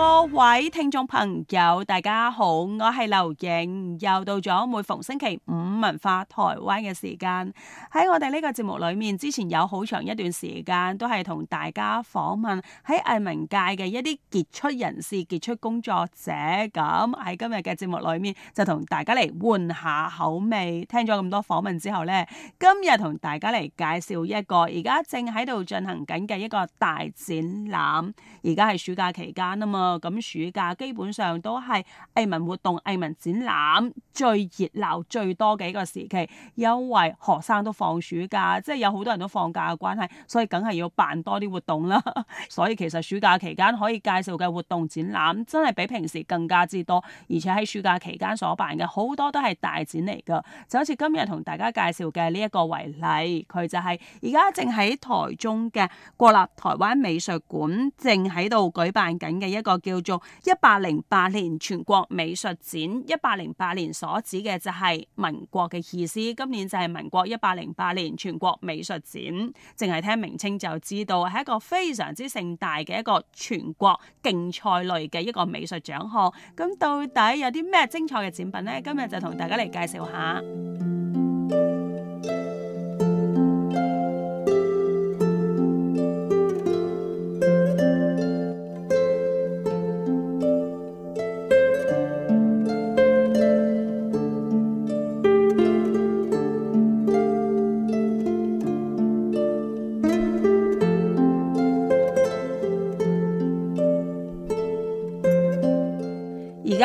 各位聽眾朋友，大家好，我係劉瑩，又到咗每逢星期五文化台灣嘅時間。喺我哋呢個節目裏面，之前有好長一段時間都係同大家訪問喺藝文界嘅一啲傑出人士、傑出工作者。咁喺今日嘅節目裏面，就同大家嚟換下口味。聽咗咁多訪問之後咧，今日同大家嚟介紹一個而家正喺度進行緊嘅一個大展覽。而家係暑假期間啊嘛。咁暑假基本上都係藝文活動、藝文展覽最熱鬧最多嘅一個時期，因為學生都放暑假，即係有好多人都放假嘅關係，所以梗係要辦多啲活動啦。 所以其實暑假期間可以介紹嘅活動展覽，真係比平時更加之多，而且喺暑假期間所辦嘅好多都係大展嚟噶，就好似今日同大家介紹嘅呢一個為例，佢就係而家正喺台中嘅國立台灣美術館正喺度舉辦緊嘅一個。叫做一百零八年全國美術展，一百零八年所指嘅就係民國嘅意思，今年就係民國一百零八年全國美術展，淨係聽名稱就知道係一個非常之盛大嘅一個全國競賽類嘅一個美術獎項。咁到底有啲咩精彩嘅展品咧？今日就同大家嚟介紹下。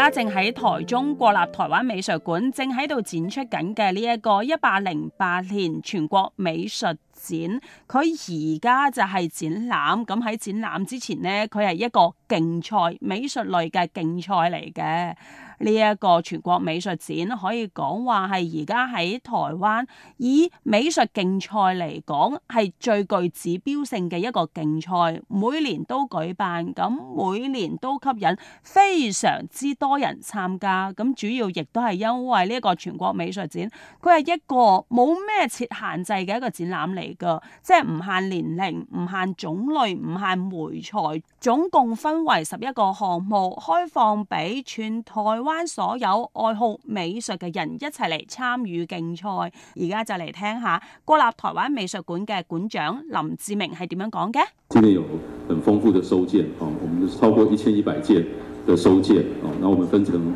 正喺台中國立台灣美術館正喺度展出緊嘅呢一個一百零八年全國美術展，佢而家就係展覽。咁喺展覽之前呢，佢係一個競賽美術類嘅競賽嚟嘅。呢一個全國美術展可以講話係而家喺台灣以美術競賽嚟講係最具指標性嘅一個競賽，每年都舉辦，咁每年都吸引非常之多人參加。咁主要亦都係因為呢個全國美術展，佢係一個冇咩設限制嘅一個展覽嚟㗎，即係唔限年齡，唔限種類，唔限媒材，總共分為十一個項目，開放俾全台。灣所有愛好美術嘅人一齊嚟參與競賽，而家就嚟聽下國立台灣美術館嘅館長林志明係點樣講嘅。今年有很豐富嘅收件，哦，我們超過一千一百件嘅收件，哦，那我們分成，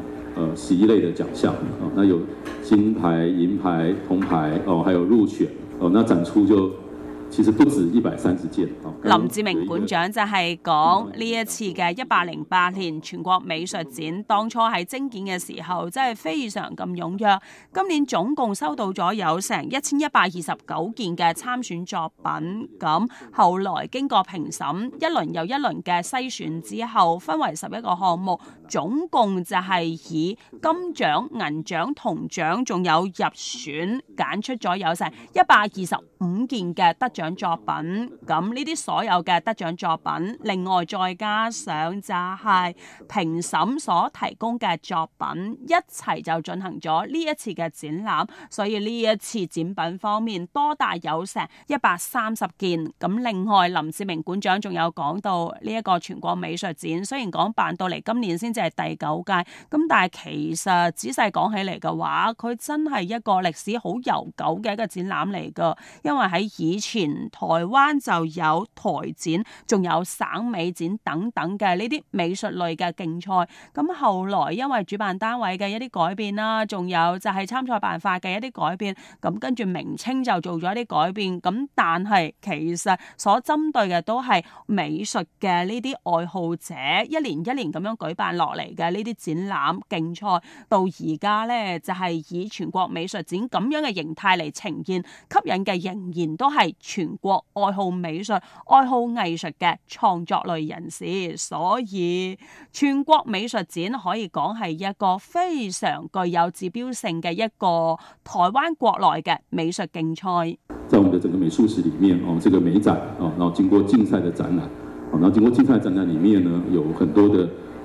十一類嘅獎項，哦，那有金牌、銀牌、銅牌，哦，還有入選，哦，那展出就。其實不止一百三十件。林志明館長就係講呢一次嘅一百零八年全國美術展，當初喺徵件嘅時候真係非常咁踴躍。今年總共收到咗有成一千一百二十九件嘅參選作品。咁後來經過評審一輪又一輪嘅篩選之後，分為十一個項目。總共就係以金獎、銀獎、銅獎仲有入選，揀出咗有成一百二十五件嘅得獎作品。咁呢啲所有嘅得獎作品，另外再加上就係評審所提供嘅作品，一齊就進行咗呢一次嘅展覽，所以呢一次展品方面多達有成一百三十件。咁另外林志明館長仲有講到呢一個全國美術展，雖然講辦到嚟今年先至。即係第九屆，咁但係其實仔細講起嚟嘅話，佢真係一個歷史好悠久嘅一個展覽嚟噶。因為喺以前台灣就有台展，仲有省美展等等嘅呢啲美術類嘅競賽。咁後來因為主辦單位嘅一啲改變啦，仲有就係參賽辦法嘅一啲改變，咁跟住名稱就做咗一啲改變。咁但係其實所針對嘅都係美術嘅呢啲愛好者，一年一年咁樣舉辦落嚟嘅呢啲展覽競賽，到而家咧就係以全國美術展咁樣嘅形態嚟呈現，吸引嘅仍然都係全國愛好美術，愛好藝術嘅創作類人士。所以全國美術展可以講係一個非常具有指標性嘅一個台灣國內嘅美術競賽。在我們的整個美術史裏面，哦，這個美展，哦，然後經過競賽的展覽，哦，然後經過競賽展覽裏面呢，有很多的。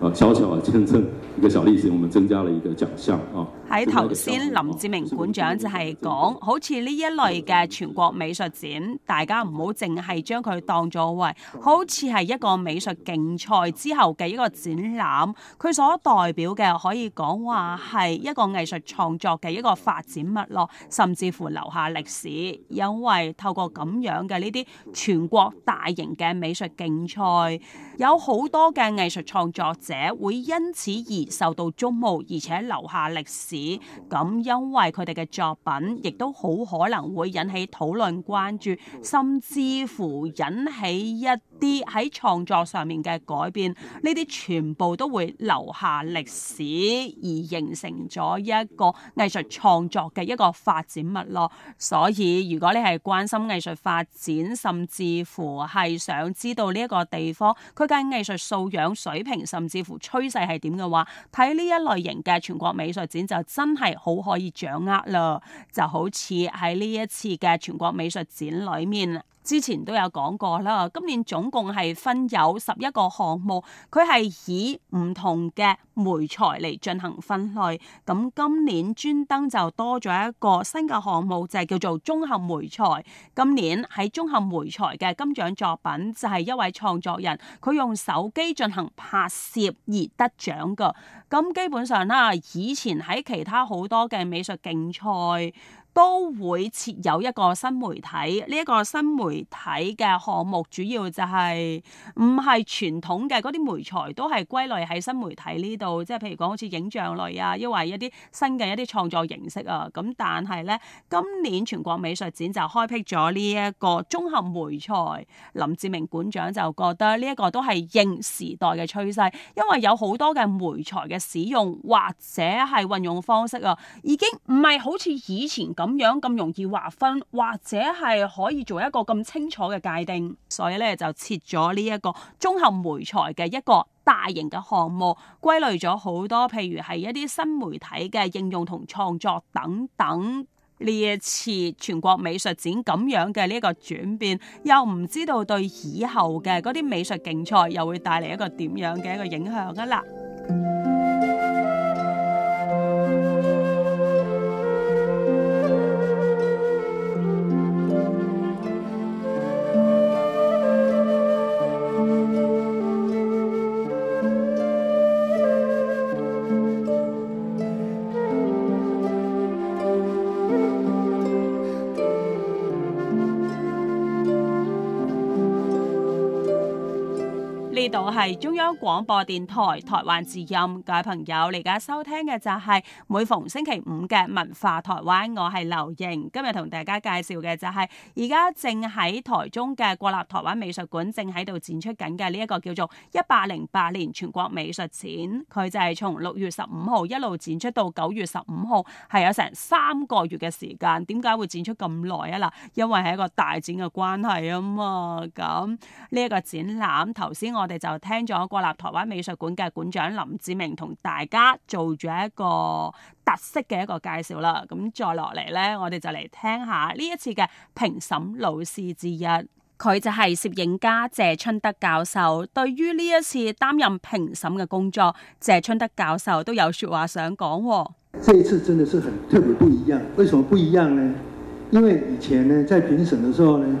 哦，小巧啊，千千，一個小類型，我們增加了一個獎項啊。喺頭先，林志明館長就係講，好似呢一類嘅全國美術展，大家唔好淨係將佢當作為，好似係一個美術競賽之後嘅一個展覽，佢所代表嘅可以講話係一個藝術創作嘅一個發展脈絡，甚至乎留下歷史，因為透過咁樣嘅呢啲全國大型嘅美術競賽。有好多嘅藝術創作者會因此而受到矚目，而且留下歷史。咁因為佢哋嘅作品，亦都好可能會引起討論關注，甚至乎引起一啲喺創作上面嘅改變。呢啲全部都會留下歷史，而形成咗一個藝術創作嘅一個發展脈絡。所以如果你係關心藝術發展，甚至乎係想知道呢一個地方，嘅藝術素養水平，甚至乎趨勢係點嘅話，睇呢一類型嘅全國美術展就真係好可以掌握喇。就好似喺呢一次嘅全國美術展裏面。之前都有講過啦，今年總共係分有十一個項目，佢係以唔同嘅媒材嚟進行分類。咁今年專登就多咗一個新嘅項目，就係、是、叫做綜合媒材。今年喺綜合媒材嘅金獎作品就係一位創作人，佢用手機進行拍攝而得獎㗎。咁基本上啦，以前喺其他好多嘅美術競賽，都會設有一個新媒體，呢一個新媒體嘅項目主要就係唔係傳統嘅嗰啲媒材都係歸類喺新媒體呢度，即係譬如講好似影像類啊，因為一啲新嘅一啲創作形式啊，咁但係呢，今年全國美術展就開闢咗呢一個綜合媒材，林志明館長就覺得呢一個都係應時代嘅趨勢，因為有好多嘅媒材嘅使用或者係運用方式啊，已經唔係好似以前。咁樣咁容易劃分，或者係可以做一個咁清楚嘅界定，所以咧就設咗呢一個綜合媒材嘅一個大型嘅項目，歸類咗好多，譬如係一啲新媒體嘅應用同創作等等，呢一次全國美術展咁樣嘅呢一個轉變，又唔知道對以後嘅嗰啲美術競賽又會帶嚟一個點樣嘅一個影響㗎啦。呢度係中央廣播電台台灣之音。各位朋友，你而家收聽嘅就係每逢星期五嘅文化台灣，我係劉瑩，今日同大家介紹嘅就係而家正喺台中嘅國立台灣美術館正喺度展出緊嘅呢一個叫做一百零八年全國美術展。佢就係從六月十五號一路展出到九月十五號，係有成三個月嘅時間。點解會展出咁耐啊？嗱，因為係一個大展嘅關係啊嘛。咁呢一個展覽，頭先我。我哋就聽咗國立台灣美術館嘅館長林志明同大家做咗一個特色嘅一個介紹啦。咁再落嚟呢，我哋就嚟聽下呢一次嘅評審老師之一，佢就係攝影家謝春德教授。對於呢一次擔任評審嘅工作，謝春德教授都有說話想講哦。這一次真的是很特別不一樣，為什麼不一樣呢？因為以前呢，在評審嘅時候呢。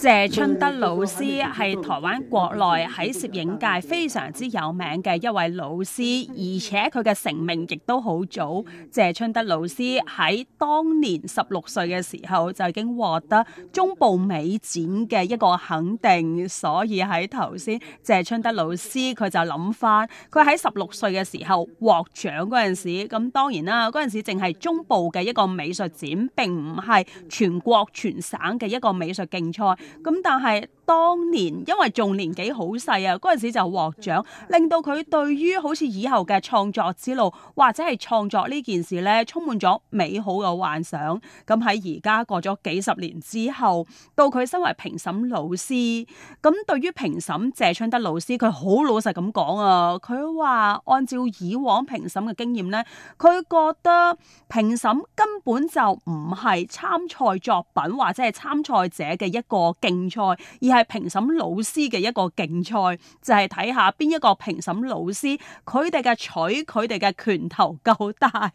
謝春德老師係台灣國內喺攝影界非常之有名嘅一位老師，而且佢嘅成名亦都好早。謝春德老師喺當年十六歲嘅時候就已經獲得中部美展嘅一個肯定，所以喺頭先謝春德老師佢就諗翻，佢喺十六歲嘅時候獲獎嗰陣時，咁當然啦，嗰陣時淨係中部嘅一個美術展，並唔係全國全省嘅一個美術競賽。咁但係，當年因為仲年紀好細啊，陣時就獲獎令到佢對於好似以後嘅創作之路或者係創作呢件事咧，充滿咗美好嘅幻想。咁喺而家過咗幾十年之後，到佢身為評審老師，咁對於評審謝春德老師佢好老實咁講啊，佢話按照以往評審嘅經驗咧，佢覺得評審根本就唔係參賽作品或者係參賽者嘅一個競賽。而係～係評審老師嘅一個競賽，就係睇下邊一個評審老師佢哋嘅取佢哋嘅拳頭夠大。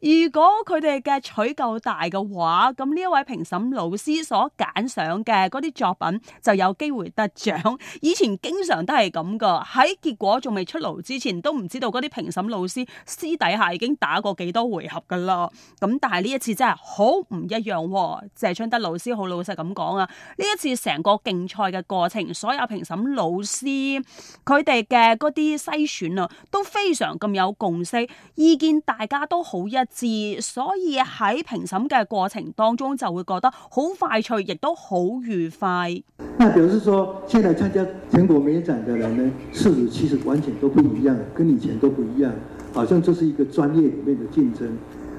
如果佢哋嘅取夠大嘅話，咁呢一位評審老師所揀上嘅啲作品就有機會得獎。以前經常都係咁噶，喺結果仲未出爐之前都唔知道啲評審老師私底下已經打過幾多回合噶啦。咁但係呢一次真係好唔一樣哦。謝春德老師好老實咁講啊，呢一次成個競賽。嘅過程，所有評審老師佢哋嘅嗰啲篩選啊都非常咁有共識，意見大家都好一致，所以喺評審嘅過程當中就會覺得好快脆，亦都好愉快。那表示說，現在參加全國美展嘅人呢，事實其實完全都不一樣，跟以前都不一樣，好像就是一個專業裡面嘅競爭，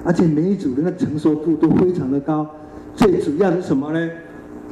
而且每一組人嘅成熟度都非常的高。最主要係什麼呢？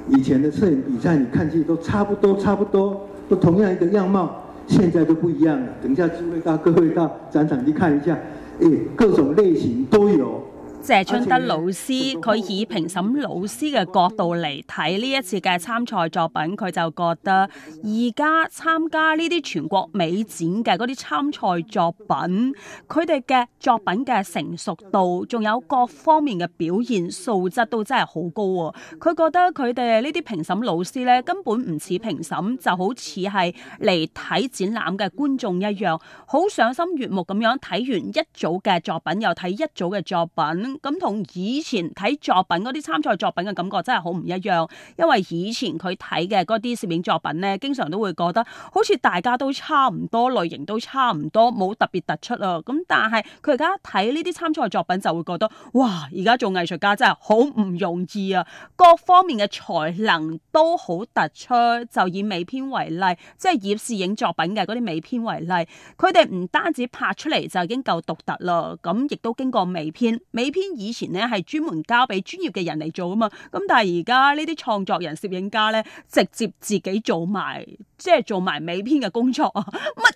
以前的攝影比賽，你看起來都差不多，差不多都同樣一個樣貌，現在都不一樣了。等一下諸位到各位到展場去看一下，誒、欸，各種類型都有。謝春德老師，佢以評審老師嘅角度嚟睇呢一次嘅參賽作品，佢就覺得而家參加呢啲全國美展嘅嗰啲參賽作品，佢哋嘅作品嘅成熟度，仲有各方面嘅表現素質都真係好高喎、哦。佢覺得佢哋呢啲評審老師咧，根本唔似評審，就好似係嚟睇展覽嘅觀眾一樣，好賞心悅目咁樣睇完一組嘅作品，又睇一組嘅作品。咁同以前睇作品啲參賽作品嘅感覺真係好唔一樣，因為以前佢睇嘅啲攝影作品咧，經常都會覺得好似大家都差唔多，類型都差唔多，冇特別突出啊。咁但係佢而家睇呢啲參賽作品就會覺得，哇！而家做藝術家真係好唔容易啊，各方面嘅才能都好突出。就以美編為例，即係以攝影作品嘅啲美編為例，佢哋唔單止拍出嚟就已經夠獨特啦，咁亦都經過美編，美編。以前呢係專門交俾專業嘅人嚟做啊嘛，咁但係而家呢啲創作人、攝影家呢，直接自己做埋，即係做埋美編嘅工作啊，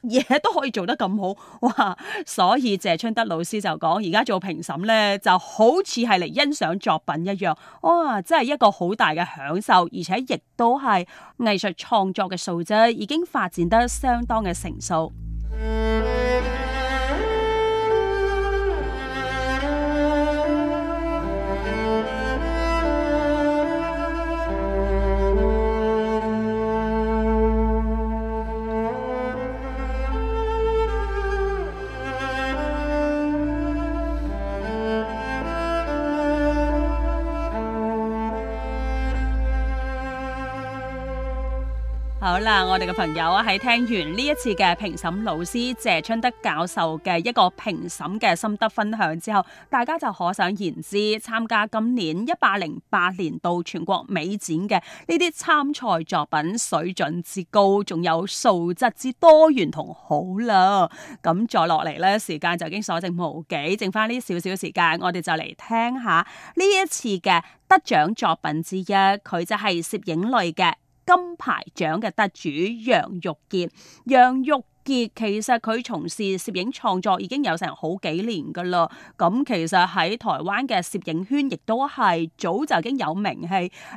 乜嘢都可以做得咁好哇！所以謝春德老師就講，而家做評審呢，就好似係嚟欣賞作品一樣，哇！真係一個好大嘅享受，而且亦都係藝術創作嘅素質已經發展得相當嘅成熟。啦，我哋嘅朋友喺聽完呢一次嘅評審老師謝春德教授嘅一個評審嘅心得分享之後，大家就可想而知，參加今年一百零八年度全國美展嘅呢啲參賽作品水準之高，仲有素質之多元同好啦。咁再落嚟呢，時間就已經所剩無幾，剩翻呢少少時間，我哋就嚟聽下呢一次嘅得獎作品之一，佢就係攝影類嘅。金牌獎嘅得主楊玉杰，楊玉杰其實佢從事攝影創作已經有成好幾年噶啦，咁其實喺台灣嘅攝影圈亦都係早就已經有名氣。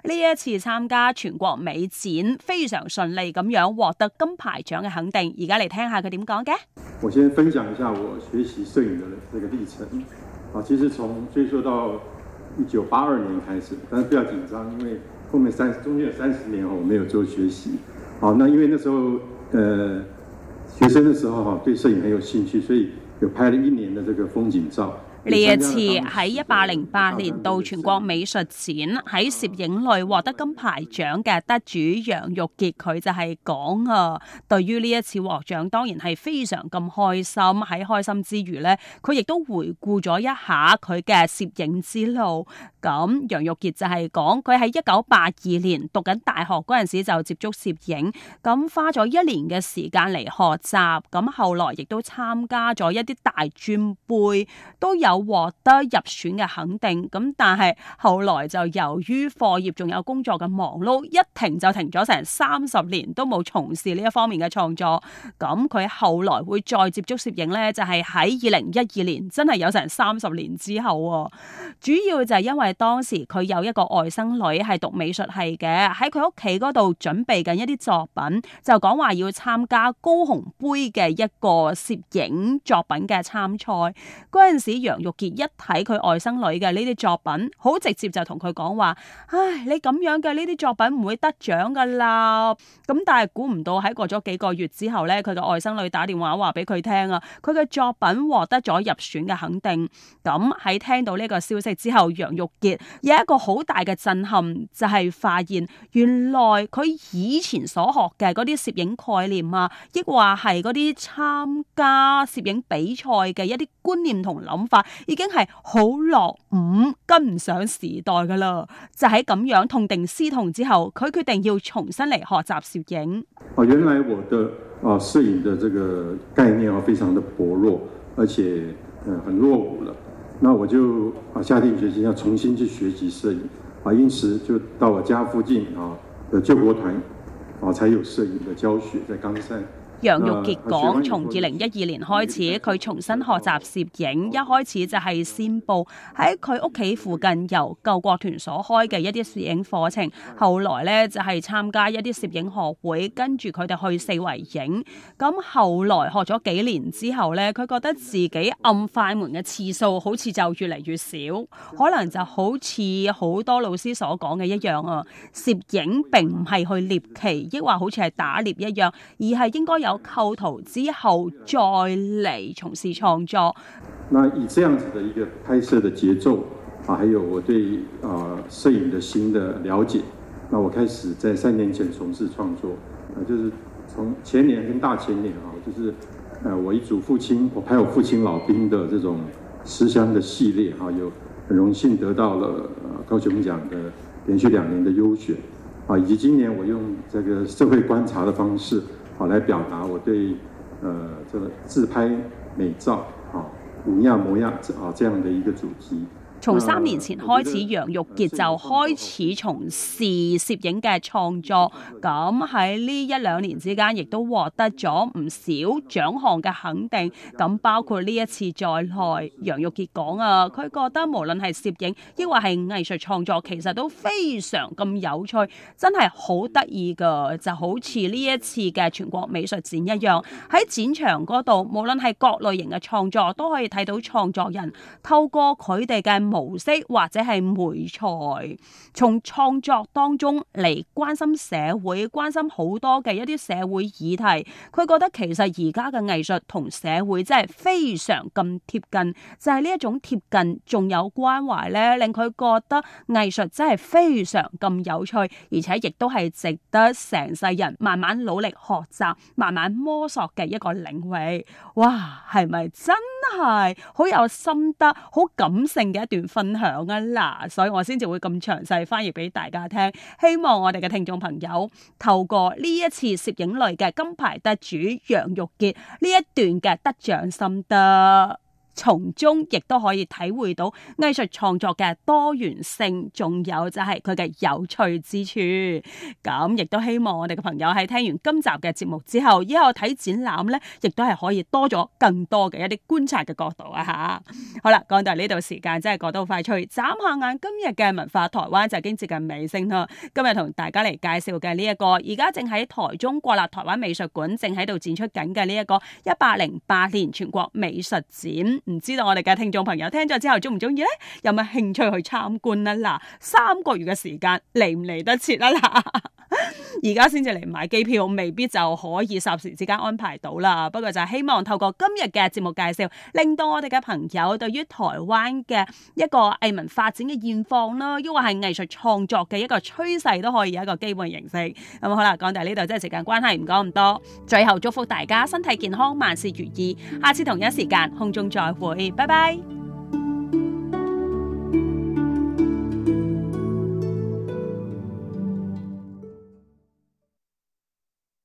呢一次參加全國美展，非常順利咁樣獲得金牌獎嘅肯定。而家嚟聽下佢點講嘅。我先分享一下我學習攝影嘅呢個歷程。啊，其實從追溯到一九八二年開始，但係比較緊張，因為。後面三，中間有三十年哦，我沒有做學習。好，那因為那時候，呃，學生的時候哈，對攝影很有興趣，所以有拍了一年的這個風景照。呢一次喺一八零八年度全國美術展喺攝影類獲得金牌獎嘅得主楊玉杰，佢就係講啊，對於呢一次獲獎，當然係非常咁開心。喺開心之餘咧，佢亦都回顧咗一下佢嘅攝影之路。咁楊玉杰就係講，佢喺一九八二年讀緊大學嗰陣時就接觸攝影，咁花咗一年嘅時間嚟學習。咁後來亦都參加咗一啲大專杯都有。有獲得入選嘅肯定，咁但係後來就由於課業仲有工作嘅忙碌，一停就停咗成三十年都冇從事呢一方面嘅創作。咁佢後來會再接觸攝影咧，就係喺二零一二年，真係有成三十年之後啊。主要就係因為當時佢有一個外甥女係讀美術系嘅，喺佢屋企嗰度準備緊一啲作品，就講話要參加高雄杯嘅一個攝影作品嘅參賽。陣時楊玉杰一睇佢外甥女嘅呢啲作品，好直接就同佢講話：唉，你咁樣嘅呢啲作品唔會得獎噶啦。咁但係估唔到喺過咗幾個月之後咧，佢嘅外甥女打電話話俾佢聽啊，佢嘅作品獲得咗入選嘅肯定。咁喺聽到呢個消息之後，楊玉杰有一個好大嘅震撼，就係發現原來佢以前所學嘅嗰啲攝影概念啊，亦話係嗰啲參加攝影比賽嘅一啲觀念同諗法。已經係好落伍，跟唔上時代噶啦，就喺咁樣痛定思痛之後，佢決定要重新嚟學習攝影。啊，原來我的啊攝影的這個概念啊非常的薄弱，而且嗯很落伍了。那我就啊下定決心要重新去學習攝影。啊，因此就到我家附近啊的救、啊、國團啊才有攝影的教學，在岡山。楊玉傑講，從二零一二年開始，佢重新學習攝影，一開始就係先報喺佢屋企附近由救國團所開嘅一啲攝影課程，後來咧就係參加一啲攝影學會，跟住佢哋去四圍影。咁後來學咗幾年之後咧，佢覺得自己按快門嘅次數好似就越嚟越少，可能就好似好多老師所講嘅一樣啊！攝影並唔係去獵奇，抑或好似係打獵一樣，而係應該有。構圖之後再來從事創作。那以這樣子的一個拍攝的節奏啊，還有我對啊呃、攝影的新的了解，那我開始在三年前從事創作啊，就是從前年跟大前年啊，就是誒、啊，我一組父親，我拍我父親老兵的這種思鄉的系列啊，有很榮幸得到了高雄獎的連續兩年的優選啊，以及今年我用這個社會觀察的方式。好，來表達我對呃，這個自拍美照，啊、哦，五樣模樣，啊、哦，這樣的一個主題。從三年前開始，楊玉傑就開始從事攝影嘅創作。咁喺呢一兩年之間，亦都獲得咗唔少獎項嘅肯定。咁包括呢一次在內，楊玉傑講啊，佢覺得無論係攝影抑或係藝術創作，其實都非常咁有趣，真係好得意㗎。就好似呢一次嘅全國美術展一樣，喺展場嗰度，無論係各類型嘅創作，都可以睇到創作人透過佢哋嘅模式或者係媒材，從創作當中嚟關心社會，關心好多嘅一啲社會議題。佢覺得其實而家嘅藝術同社會真係非常咁貼近，就係呢一種貼近，仲有關懷咧，令佢覺得藝術真係非常咁有趣，而且亦都係值得成世人慢慢努力學習、慢慢摸索嘅一個領域。哇，係咪真係好有心得、好感性嘅一段？分享啊啦，所以我先至會咁詳細翻譯俾大家聽，希望我哋嘅聽眾朋友透過呢一次攝影類嘅金牌得主楊玉潔呢一段嘅得獎心得。從中亦都可以體會到藝術創作嘅多元性，仲有就係佢嘅有趣之處。咁亦都希望我哋嘅朋友喺聽完今集嘅節目之後，以後睇展覽呢，亦都係可以多咗更多嘅一啲觀察嘅角度啊！嚇，好啦，講到呢度，時間真係過得好快脆。眨下眼，今日嘅文化台灣就已經接近尾聲啦。今日同大家嚟介紹嘅呢一個，而家正喺台中國立台灣美術館正喺度展出緊嘅呢一個一百零八年全國美術展。唔知道我哋嘅聽眾朋友聽咗之後鍾唔鍾意咧，有冇興趣去參觀啊嗱，三個月嘅時間嚟唔嚟得切啊？嗱。 而家先至嚟買機票，未必就可以霎時之間安排到啦。不過就係希望透過今日嘅節目介紹，令到我哋嘅朋友對於台灣嘅一個藝文發展嘅現況啦，抑或係藝術創作嘅一個趨勢，都可以有一個基本認識。咁、嗯、好啦，講到呢度，即係時間關係，唔講咁多。最後祝福大家身體健康，萬事如意。下次同一時間空中再會，拜拜。